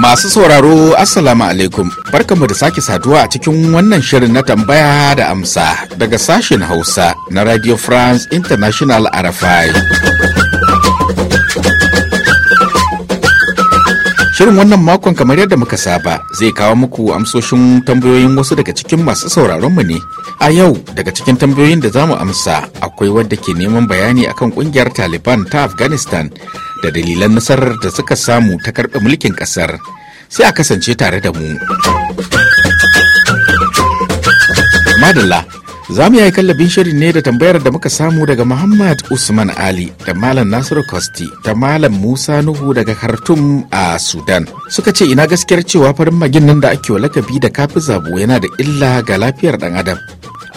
Masu sauraro Assalamu alaikum barkamu da sake saduwa a cikin wannan shirin na tambaya da amsa daga sashen Hausa na Radio France International RFI. Shirin wannan makon kamar yadda muka saba zai kawo muku amsoshin tambayoyin wasu daga cikin masu sauraronmu ne. A yau daga cikin tambayoyin da za mu amsa akwai wadda ke neman bayani akan kungiyar Taliban ta Afghanistan da dalilan nasarar da suka samu ta karɓe mulkin ƙasar sai a kasance tare da mu. Madalla za mu yi kallabin shirin ne da tambayar da muka samu daga Muhammad Usman Ali da Malam Nasiru Kosti da Malam Musa Nuhu daga Khartoum a Sudan. Suka ce ina gaskiyar cewa farin maginan da ake lakabi da kafi zabo yana da illa ga lafiyar ɗan adam.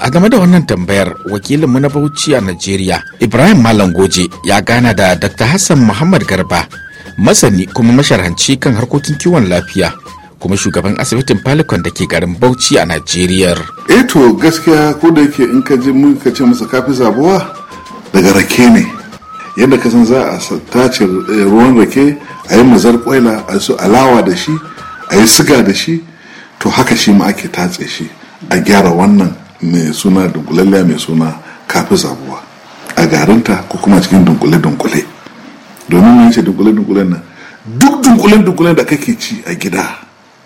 a game da wannan tambayar wakilinmu na bauchi a najeriya ibrahim malam goje ya gana da dr hassan muhammad garba masani kuma masharanci kan harkokin kiwon lafiya kuma shugaban asibitin falikon da ke garin bauchi a najeriya eto eh gaskiya ko da yake in ka je mu ka ce masa kafi zabuwa daga rake ne yadda ka san za a tace eh, ruwan rake a yi mazar kwaila a su alawa da shi a yi siga da shi to haka shi ma ake tatse shi a gyara wannan mai suna dunkulalle mai suna kafin sabuwa a garinta ko kuma cikin dunkule-dunkule domin mai ce dunkule-dunkulen nan duk dunkule-dunkulen da kake ci a gida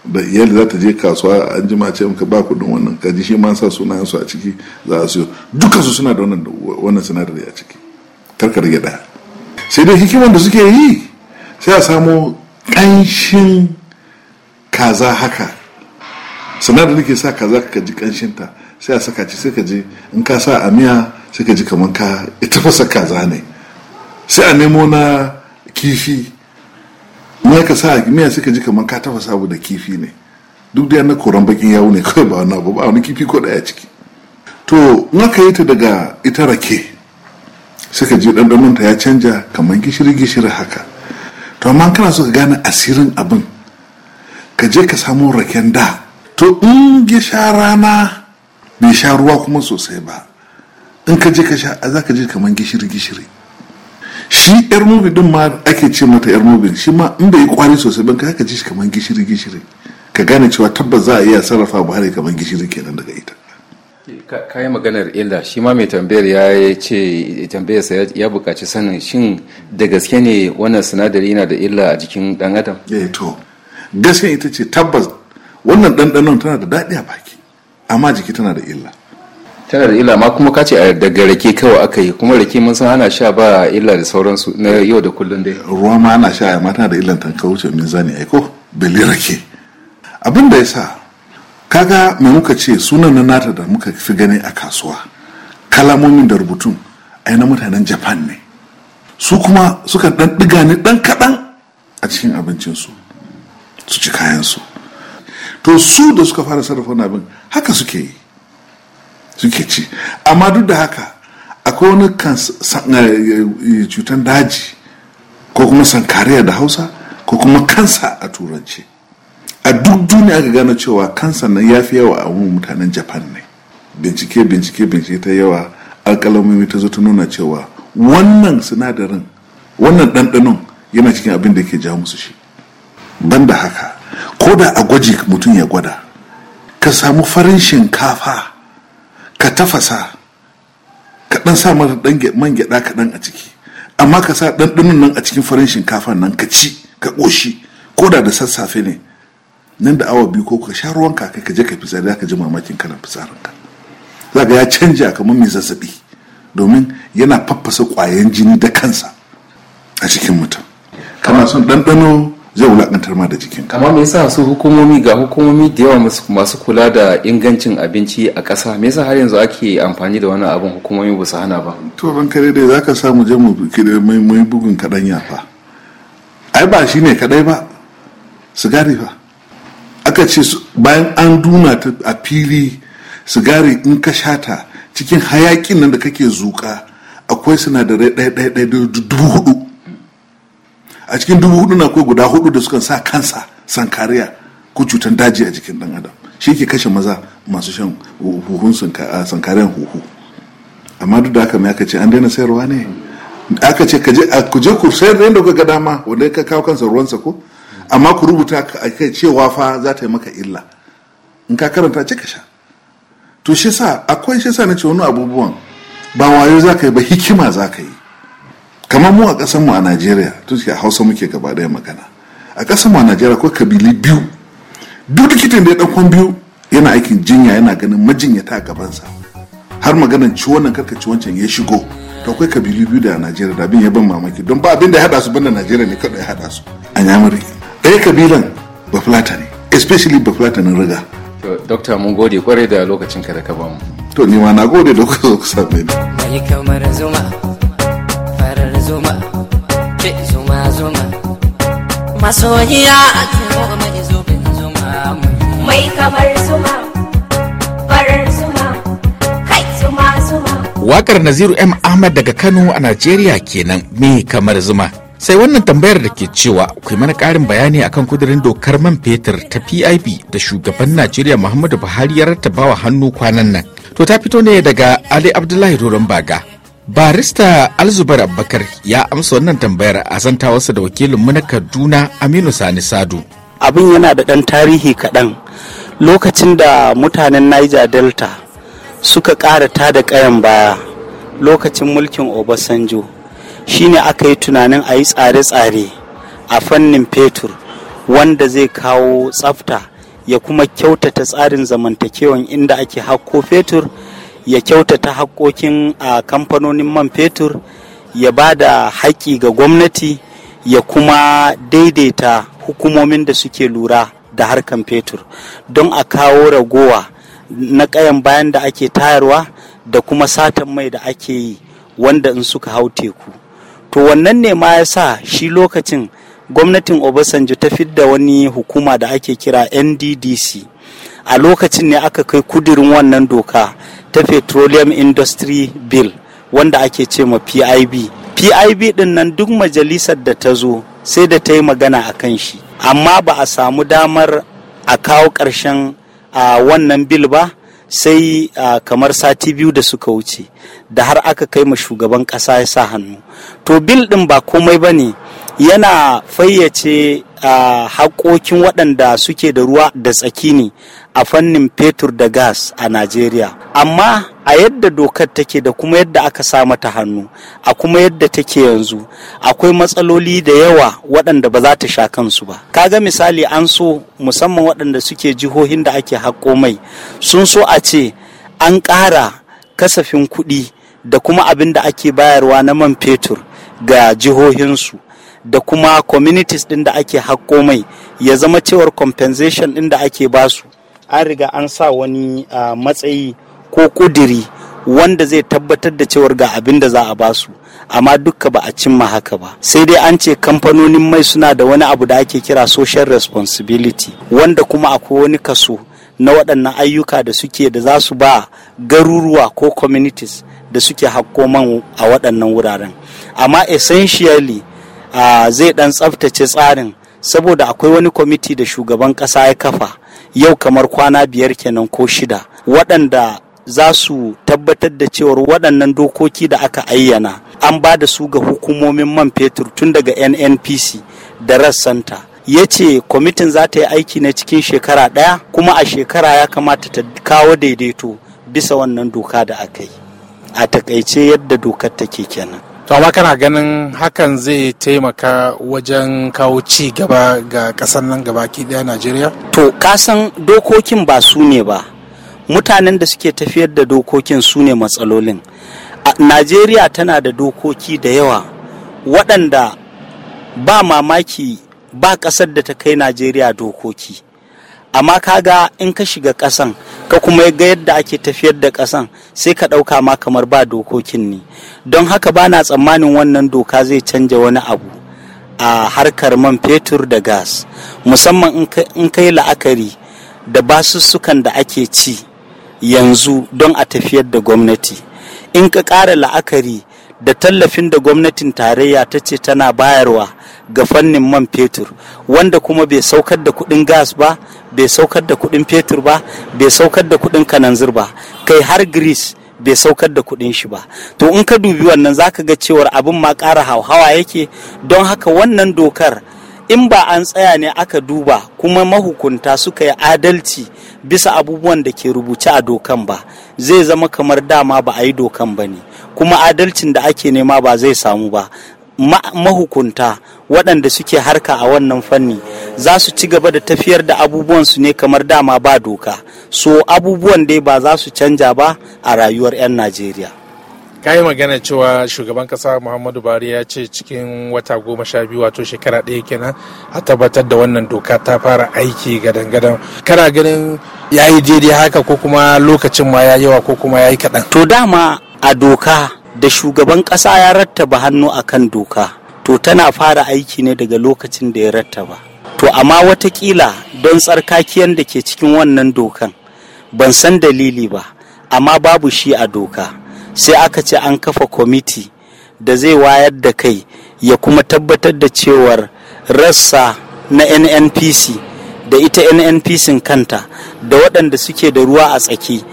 da iyali za ta je kasuwa an jima ce ka ba kudin wannan kaji shi ma sa sunayen su a ciki za a siyo dukkan su suna da wannan sinadari a ciki karka rage sai dai hikiman da suke yi sai a samo ƙanshin kaza haka sinadari ke sa kaza ka ji kanshinta sai a saka ci sai ka ji in ka sa a miya sai ka ji kamar ka ita fasa kaza ne sai a nemo na kifi mai ka sa miya sai ka ji kamar ka tafasa abu da kifi ne duk da na koran bakin yawo ne kawai ba wani wani kifi ko daya ciki to in aka yi ta daga ita rake sai ka ji ɗanɗanon ta ya canja kamar gishiri gishiri haka to amma kana so ka gane asirin abin ka je ka samu raken da to in gisha rana bai sha ruwa kuma sosai ba in ka je ka sha za ka je kamar gishiri gishiri shi yar mubi din ma ake ce mata yar mubin shi ma in bai yi kwari sosai ba ka ji shi kamar gishiri gishiri ka gane cewa tabbas za a iya sarrafa buhari kamar gishiri kenan daga ita ka yi maganar illa shi ma mai tambayar ya ce sa ya buƙaci sanin shin da gaske ne wannan sinadari yana da illa a jikin ɗan adam eh to ita ce tabbas wannan ɗanɗanon tana da daɗi a baki amma jiki tana da illa tana da illa ma kuma kace daga rake kawai aka yi kuma rake mun san ana sha ba illa da sauransu na yau da kullun dai ruwa ma ana sha amma tana da illan tanka wuce min zani ai ko bele rake abin da yasa kaga mai muka ce sunan na nata da muka fi gani a kasuwa kalamomin da rubutun ai na mutanen japan ne su kuma suka dan diga ne dan kadan a cikin abincinsu su ci kayansu to su da suka fara sarrafa abin haka suke yi suke ci amma duk da haka akwai wani kan eh, eh, eh, cutan daji ko kuma sankariya da hausa ko kuma kansa a turanci a duk duniya aka gano cewa kansa na ya fi yawa a wani mutanen japan ne bincike bincike bincike ta yawa alkalamomi ta zo ta nuna cewa wannan sinadarin wannan ɗanɗanon yana cikin abin da ke ja musu shi da haka ko da a gwaji mutum ya gwada ka samu farin shinkafa ka tafasa ka dan sa man gyaɗa kaɗan a ciki amma ka sa ɗanɗanon nan a cikin farin shinkafa nan ka ci ka ƙoshi ko da da sassafe ne nan da awa biyu ko ka sha ruwan ka ka je ka fitsari za ka ji mamakin ka ka za ka ya canja kamar mai zazzabi domin yana faffasa ƙwayan jini da kansa a cikin mutum kana son ɗanɗano zai wulakantar ma da jikin amma me yasa su hukumomi ga hukumomi da yawa masu kula da ingancin abinci a ƙasa me yasa har yanzu ake amfani da wannan abin hukumomi ba su hana ba to ban kare dai zaka samu je mu mai mai bugun kadan ya fa ai ba shine kadai ba sigari fa aka ce bayan an duna ta a fili sigari in ka shata cikin hayakin nan da kake zuka akwai sinadarai ɗaya ɗaya ɗaya dubu hudu a cikin dubu hudu na guda hudu da suka sa kansa sankariya ko cutar daji a jikin dan adam shi ke kashe maza masu shan huhun sankariyan huhu amma duk da haka mai aka ce an daina sayarwa ne aka ce ku je ku sayar da yadda kuka dama wanda ka kawo kansa ruwansa ko amma ku rubuta a kai cewa fa za ta yi maka illa in ka karanta ce ka sha to shi sa akwai shi sa na ce wani abubuwan ba wayo za ka yi ba hikima za ka yi kamar mu a ƙasar mu a Najeriya tun a Hausa muke gaba ɗaya magana a ƙasar mu a Najeriya ko kabili biyu duk likitan da ya ɗauko biyu yana aikin jinya yana ganin majinyata a gabansa har maganan ci wannan ciwon wancan ya shigo to akwai kabilu biyu da Najeriya da abin ya ban mamaki don ba abin da ya haɗa su banda Najeriya ne kaɗai ya haɗa su a nyamuri ɗaya kabilan bafulata ne especially bafulata na riga dokta mun gode kwarai da lokacin ka da ka bamu to ni ma na gode da kuka zo ku same ni kamar zuma zuma masoyiya ake mai zubin zuma mai kamar zuma farar zuma kai zuma zuma wakar naziru m ahmad daga kano a najeriya kenan mai kamar zuma sai wannan tambayar da ke cewa kai mana karin bayani akan kudirin dokar man fetur ta pip da shugaban najeriya muhammadu buhari ya rattaba wa hannu kwanan nan to ta fito ne daga ali abdullahi doron baga barista alzubar abubakar ya amsa wannan tambayar a wasu da wakilinmu na kaduna aminu sani sadu abin yana da ɗan tarihi kaɗan lokacin da mutanen niger delta suka ƙara ta da ƙayan baya lokacin mulkin obasanjo shine aka yi tunanin a yi tsare-tsare a fannin fetur wanda zai kawo tsafta ya kuma kyautata tsarin zamantakewan inda ake hakko fetur ya kyautata haƙoƙin a kamfanonin man fetur ya ba da haƙƙi ga gwamnati ya kuma daidaita hukumomin da suke lura da harkan fetur don a kawo ragowa na ƙayan bayan da ake tayarwa da kuma satan mai da ake yi wanda in suka hau teku to wannan ne ma ya sa shi lokacin gwamnatin obasanjo ta fidda wani hukuma da ake kira nddc a lokacin ne aka kai kudirin wannan doka ta petroleum industry bill wanda ake ce ma pib pib din nan duk majalisar da ta zo sai da ta yi magana a kan shi amma ba a samu damar a kawo ƙarshen a wannan bil ba sai kamar sati biyu da suka wuce da har aka kai ma shugaban ƙasa ya sa hannu to bil din ba komai ba ne yana fayyace a haƙoƙin waɗanda suke da ruwa da tsaki ne a fannin fetur da gas a Najeriya. Amma a yadda dokar take da kuma yadda aka sa mata hannu, a kuma yadda take yanzu, akwai matsaloli da yawa waɗanda ba za ta sha kansu ba. Kaga misali an so musamman waɗanda suke jihohin da ake haƙo mai, sun so a ce an ƙara kasafin kuɗi da kuma abin da ake bayarwa na man fetur ga jihohinsu. da kuma communities ɗin da ake hakko mai ya zama cewar compensation ɗin da ake basu an riga an sa wani matsayi ko kudiri wanda zai tabbatar da cewar ga abin da za a basu amma dukka ba a cimma haka ba sai dai an ce kamfanonin mai suna da wani abu da ake kira social responsibility wanda kuma akwai wani kaso na waɗannan ayyuka da suke da za su ba garuruwa ko communities da suke hakko man a waɗannan wuraren amma essentially zai dan tsaftace tsarin saboda akwai wani kwamiti da shugaban ƙasa ya kafa yau kamar kwana biyar kenan ko shida waɗanda za su tabbatar da cewar waɗannan dokoki da aka ayyana an ba da su ga hukumomin man fetur tun daga nnpc da rassanta ya ce kwamitin za ta yi aiki na cikin shekara ɗaya kuma a shekara ya kamata ta kawo daidaito bisa wannan doka da aka yi a takaice yadda dokar take kenan to amma kana ganin hakan zai taimaka wajen kawo ci gaba ga kasar nan gabaki daya najeriya to kasan dokokin ba su ne ba mutanen da suke tafiyar da dokokin su ne matsalolin najeriya tana da dokoki da yawa waɗanda ba mamaki ba ƙasar da ta kai najeriya dokoki amma kaga in ka shiga ƙasan ka kuma ga yadda ake tafiyar da ƙasan sai ka ɗauka ma kamar ba dokokin ne don haka ba na tsammanin wannan doka zai canja wani abu a harkar man fetur da gas musamman in ka yi la'akari da basussukan da ake ci yanzu don a tafiyar da gwamnati in ka ƙara la'akari da tallafin da gwamnatin tarayya ta ce tana bayarwa ga fannin man fetur wanda kuma bai saukar da kudin gas ba bai saukar da kudin fetur ba bai saukar da kudin kananzir ba kai har greece bai saukar da kudin shi ba to in ka dubi wannan zaka ga cewar abin ma ƙara hauhawa yake don haka wannan dokar in ba an tsaya ne aka duba kuma mahukunta suka yi adalci bisa abubuwan da ke rubuce a dokan ba zai zama kamar dama ba a yi dokan ba ne kuma adalcin da ake nema ba zai samu ba mahukunta waɗanda suke harka a wannan fanni za su ci gaba da tafiyar da abubuwansu ne kamar dama ba doka so abubuwan dai ba za su canja ba a rayuwar 'yan najeriya ka yi magana cewa shugaban kasa muhammadu buhari ya ce cikin wata goma sha biyu wato shekara ɗaya kenan a tabbatar da wannan doka ta fara aiki gadan-gadan kana ganin ya yi daidai haka ko kuma lokacin ma ya yawa ko kuma ya yi kaɗan to dama a doka da shugaban ƙasa ya rattaba hannu a kan doka to tana fara aiki ne daga lokacin da ya rattaba to amma watakila don tsarkakiyar da ke cikin wannan dokan ban san dalili ba amma babu shi a doka sai aka ce an kafa kwamiti da zai wayar da kai ya kuma tabbatar da cewar rassa na nnpc da ita nnpc kanta da waɗanda suke da ruwa a tsaki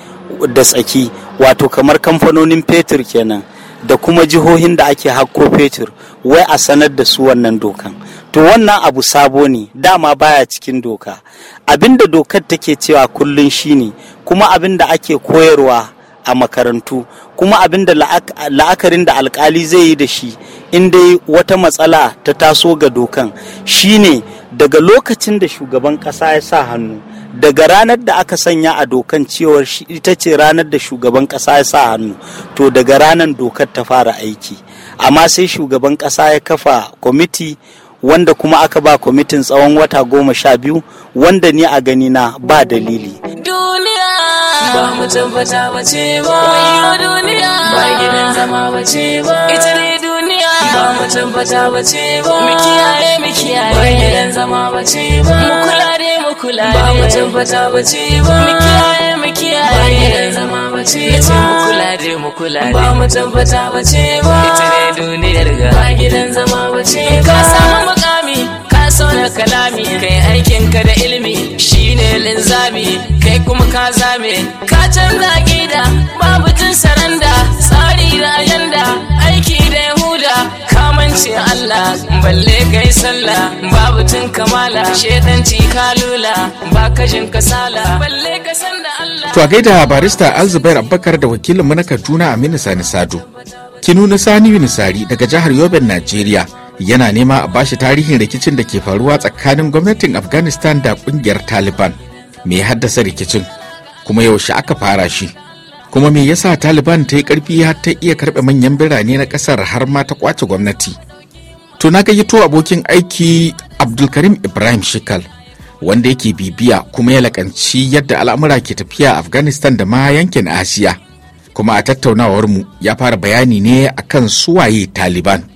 da tsaki wato kamar kamfanonin fetur kenan da kuma jihohin da ake hakko fetur wai a sanar da su wannan dokan to wannan abu sabo ne dama baya cikin doka abinda dokar take cewa kullun shine kuma abinda ake koyarwa a makarantu kuma abinda la'akarin da alkali zai yi da shi in dai wata matsala ta taso ga dokan shine daga lokacin da shugaban ƙasa ya sa hannu daga ranar da aka sanya a dokan cewar ita ce ranar da shugaban kasa ya sa hannu to daga ranar dokar ta fara aiki amma sai shugaban kasa ya kafa kwamiti wanda kuma aka ba kwamitin tsawon wata goma sha biyu wanda ni a gani na ba dalili duniya ba mu ba ce ba duniya ba gidan zama ba ce ba ita ne ba mutum bata bace ba mu kiyaye mu kiyaye ba gidan zama bace ba mu kula ne mu kula ba mutum bata bace ba mu kiyaye mu kiyaye ba gidan zama bace ba mu kula ne mu kula ba mutum bata bace ba ita ne duniyar ga ba gidan zama bace ba ka samu mukami, ka so na kalami kai aikinka da ilimi shine linzami kai kuma ka zame ka canza sai Allah balle kai sallah babu tun kamala shedanci kalula ba kashin kasala balle ka san Allah to a gaida barista Alzubair Abubakar da wakilin mu na Kaduna Aminu Sani Sado Kinu na Sani Yunisari daga jihar Yoben, Najeriya yana nema a bashi tarihin rikicin da ke faruwa tsakanin gwamnatin Afghanistan da kungiyar Taliban mai haddasa rikicin kuma yaushe aka fara shi kuma me yasa taliban ta yi karfi har ta iya karɓe manyan birane na ƙasar har ma ta kwace gwamnati to na gayyato abokin aiki abdulkarim ibrahim shikal wanda yake bibiya kuma ya lakanci yadda al'amura ke tafiya afghanistan da ma yankin asiya kuma a tattaunawar mu ya fara bayani ne akan suwaye taliban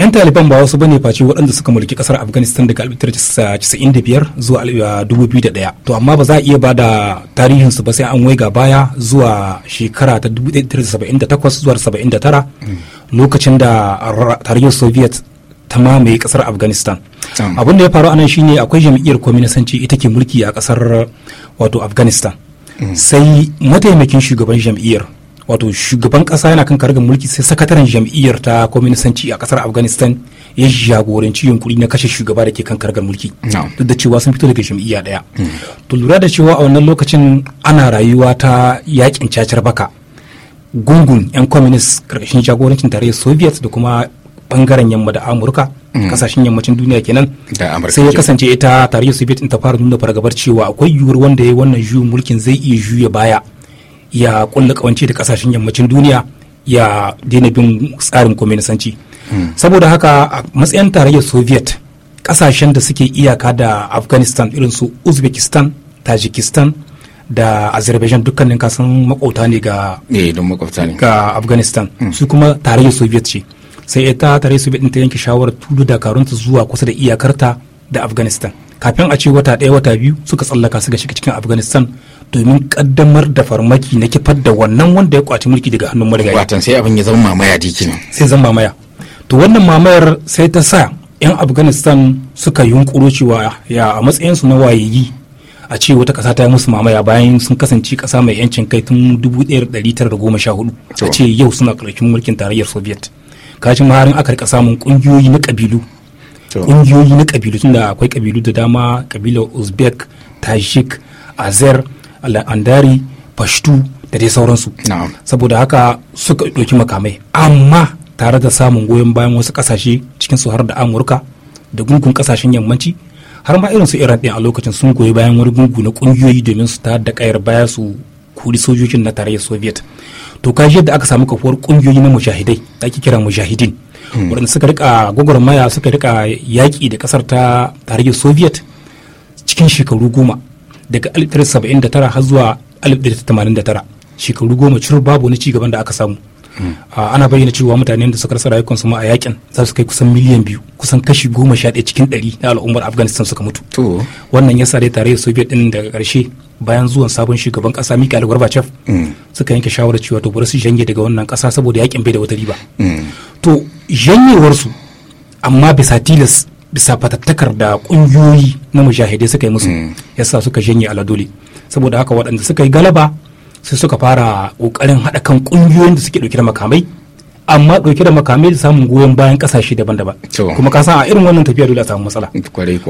'yan taliban ba wasu bane face waɗanda suka mulki kasar afghanistan daga 1995 zuwa 2001 ah, to amma ba za a iya ba da tarihinsu ba sai an waiga baya zuwa shekara ta 1978 zuwa 79 mm. lokacin da tarayyar soviet ta mamaye kasar afghanistan mm. abin da ya faru anan shine akwai jam'iyyar kwaminisanci ita ke mulki a kasar wato afghanistan mm. sai mataimakin shugaban jam'iyyar wato shugaban kasa yana kan karagar mulki sai sakataren jam'iyyar ta kwaminisanci a kasar afghanistan ya jagoranci yunkuri na kashe shugaba da ke kan karagar mulki duk da cewa sun fito daga jam'iyya daya hmm. to lura da cewa a wannan lokacin ana rayuwa ta yakin cacar baka gungun 'yan kwaminis karkashin jagorancin tarayyar soviet da kuma bangaren yamma da amurka kasashen hmm. yammacin duniya kenan sai ya kasance ita tarayyar soviet ta fara nuna fargabar cewa akwai yiwuwar wanda ya yi wannan juyin mulkin zai iya juya baya ya kulla kawance da kasashen yammacin duniya ya daina bin tsarin kwaminisanci hmm. saboda haka a matsayin tarayyar soviet kasashen da suke iyaka da afghanistan irin su uzbekistan tajikistan da azerbaijan dukkanin kasan makwauta ne ga eh, ga afghanistan hmm. su kuma tarayyar soviet ce sai ita tarayyar soviet ta yanke shawarar tudu dakarunta zuwa kusa da iyakarta da afghanistan kafin a ce wata ɗaya wata biyu suka tsallaka suka shiga cikin afghanistan domin kaddamar da farmaki na kifar da wannan wanda ya kwaci mulki daga hannun marigayi watan sai abin ya zama mamaya ne. sai zama mamaya to wannan mamayar sai ta sa yan afghanistan suka yunkuro cewa ya a matsayinsu su na wayayi a ce wata kasa ta yi musu mamaya bayan sun kasance kasa mai yancin kai tun 1914 a ce yau suna karkashin mulkin tarayyar soviet kashin maharin aka rika samun kungiyoyi na kabilu kungiyoyi na kabilu tunda akwai kabilu da dama kabilar uzbek tajik azer al'andari fashtu da dai sauransu saboda haka suka ɗauki makamai amma tare da samun goyon bayan wasu ƙasashe cikin su har da amurka da gungun ƙasashen yammanci har ma irin su iran ɗin a lokacin sun goyi bayan wani gungu na ƙungiyoyi domin su ta da ƙayar baya su kuri sojojin na tarayyar soviet to kaji yadda aka samu kafuwar ƙungiyoyi na mujahidai da ake kira mujahidin hmm. waɗanda suka rika gwagwarmaya suka rika yaƙi da ƙasar ta tarayyar soviet cikin shekaru goma daga 1979 har zuwa 1989 shekaru goma cur babu wani cigaban da aka samu ana bayyana cewa mutane da suka rasa rayukansu ma a yakin za su kai kusan miliyan biyu kusan kashi goma sha ɗaya cikin ɗari na al'ummar afghanistan suka mutu wannan ya yasa dai da soviet din daga ƙarshe bayan zuwan sabon shugaban ƙasa mikhail gorbachev mm. suka yanke shawarar cewa to bari su janye daga wannan ƙasa saboda yakin bai da wata riba mm. to janyewarsu amma bisa tilas bisa fatattakar da kungiyoyi na mujahidai suka yi musu hmm. yasa suka janye aladole saboda haka waɗanda suka yi galaba sai suka fara ƙoƙarin haɗa kan kungiyoyin da suke ɗauke da makamai amma ɗauke da makamai da samun goyon bayan ƙasashe daban-daban kuma ka san a irin wannan tafiya dole a samu matsala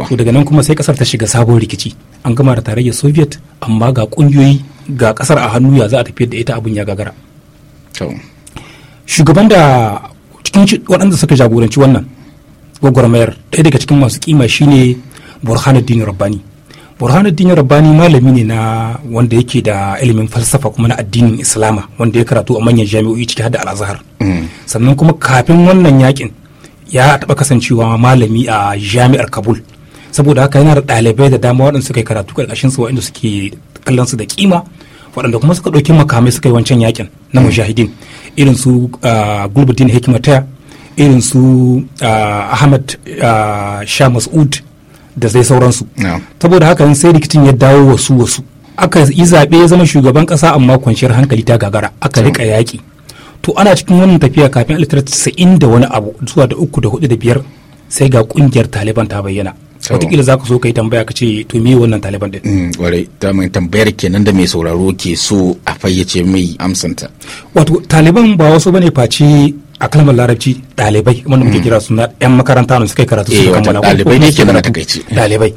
to daga nan kuma sai ƙasar ta shiga sabon rikici an gama da tarayyar soviet amma ga kungiyoyi ga ƙasar a hannu ya za a tafiyar da ita abun ya gagara shugaban da cikin waɗanda suka jagoranci wannan gwagwarmayar ɗaya daga cikin masu kima shine burhanuddin rabbani burhanuddin rabbani malami ne na wanda yake da ilimin falsafa kuma na addinin islama wanda ya karatu a manyan jami'o'i ciki har da al'azhar mm. sannan kuma kafin wannan yakin ya taɓa kasancewa malami a jami'ar kabul saboda haka yana da ɗalibai da dama waɗanda suka yi karatu ƙarƙashin su waɗanda suke kallon su da kima waɗanda kuma suka ɗauki makamai suka yi wancan yakin na mm. mujahidin irin su ah, gulbuddin Taya. irin su ah, ahmad ah, sha mas'ud da sai sauransu saboda haka sai rikicin ya dawo wasu wasu aka yi zaɓe ya zama shugaban ƙasa amma kwanciyar hankali ta gagara aka rika yaƙi to ana cikin wannan tafiya kafin alitar sa'in da wani abu zuwa da uku da hudu da biyar sai ga ƙungiyar taliban ta bayyana oh. wataƙila za ka so ka yi tambaya ka ce to me wannan taliban ɗin. ta mm, daman tambayar kenan da mai sauraro ke so a fayyace mai amsanta. wato taliban ba wasu bane face a kalmar larabci dalibai wanda muke mm. kira suna yan makaranta ne suka karatu su eh, kammala dalibai ne ke nan takaici dalibai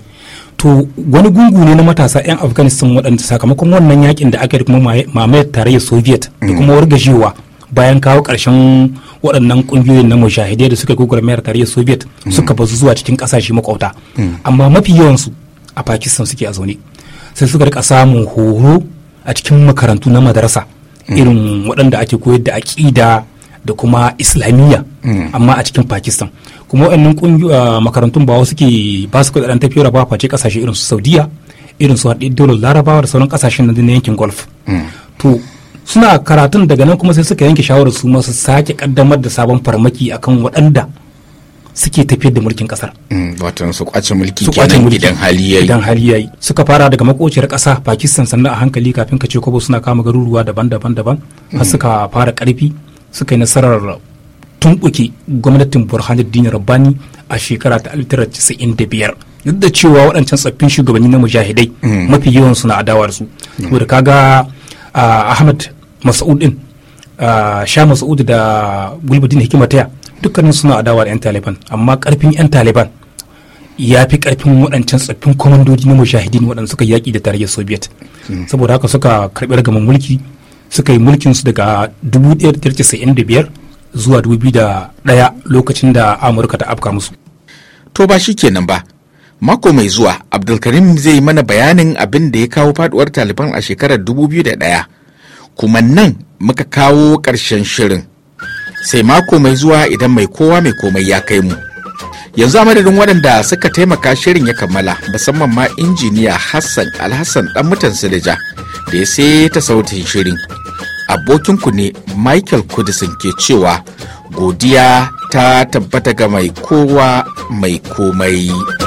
to wani gungu ne na matasa yan afghanistan waɗanda sakamakon wannan yakin da aka yi kuma mamayar tarayyar soviet da mm. kuma wargajewa bayan kawo ƙarshen waɗannan ƙungiyoyin na mujahidai da suka gugura mayar tarayyar soviet mm. suka bazu zuwa cikin ƙasashe makwabta amma mafi yawansu a pakistan suke a zaune sai suka rika samun horo a cikin makarantu na madarasa irin waɗanda ake koyar da aƙida da kuma islamiyya mm. amma a cikin pakistan kuma wa'annan ah, makarantun ba wasu ke ba su kudaden tafiyar ba face kasashe irin su saudiya irin su haɗe dolar larabawa da sauran kasashen na yankin golf mm. to suna karatun daga nan kuma sai suka yanke shawarar su masu sake kaddamar da sabon farmaki akan waɗanda suke tafiyar da mulkin kasar. Mm, Watan su kwace mulki kenan gidan hali yayi. Idan Suka fara daga makociyar kasa Pakistan sannan a hankali kafin ka ce kobo suna kama garuruwa daban-daban daban har suka fara karfi suka yi nasarar tumbuke gwamnatin burhanuddin rabani a shekara ta 1995 duk da cewa waɗancan tsaffin shugabanni na mujahidai mm. mafi yawan suna adawar su mm. saboda kaga ahmad mas'ud din sha mas'ud da gulbudin taya dukkanin suna adawa da 'yan taliban amma karfin 'yan taliban ya fi karfin waɗancan tsaffin kwamandoji na mujahidin waɗanda suka yaƙi da tarayyar soviet mm. saboda haka suka karɓi ragaman mulki suka yi mulkinsu daga 1995 zuwa 2001 lokacin da amurka ta afka musu to ba shi kenan ba mako mai zuwa abdulkarim zai mana bayanin abin da ya kawo faduwar taliban a shekarar 2001 kuma nan muka kawo ƙarshen shirin sai mako mai zuwa idan mai kowa mai komai ya kai mu yanzu a madadin waɗanda suka taimaka shirin ya kammala musamman ma injiniya hassan alhassan dan mutan silija da ya sai ta sautin shirin abokinku ne michael kudisin ke cewa godiya ta tabbata ga mai kowa mai komai.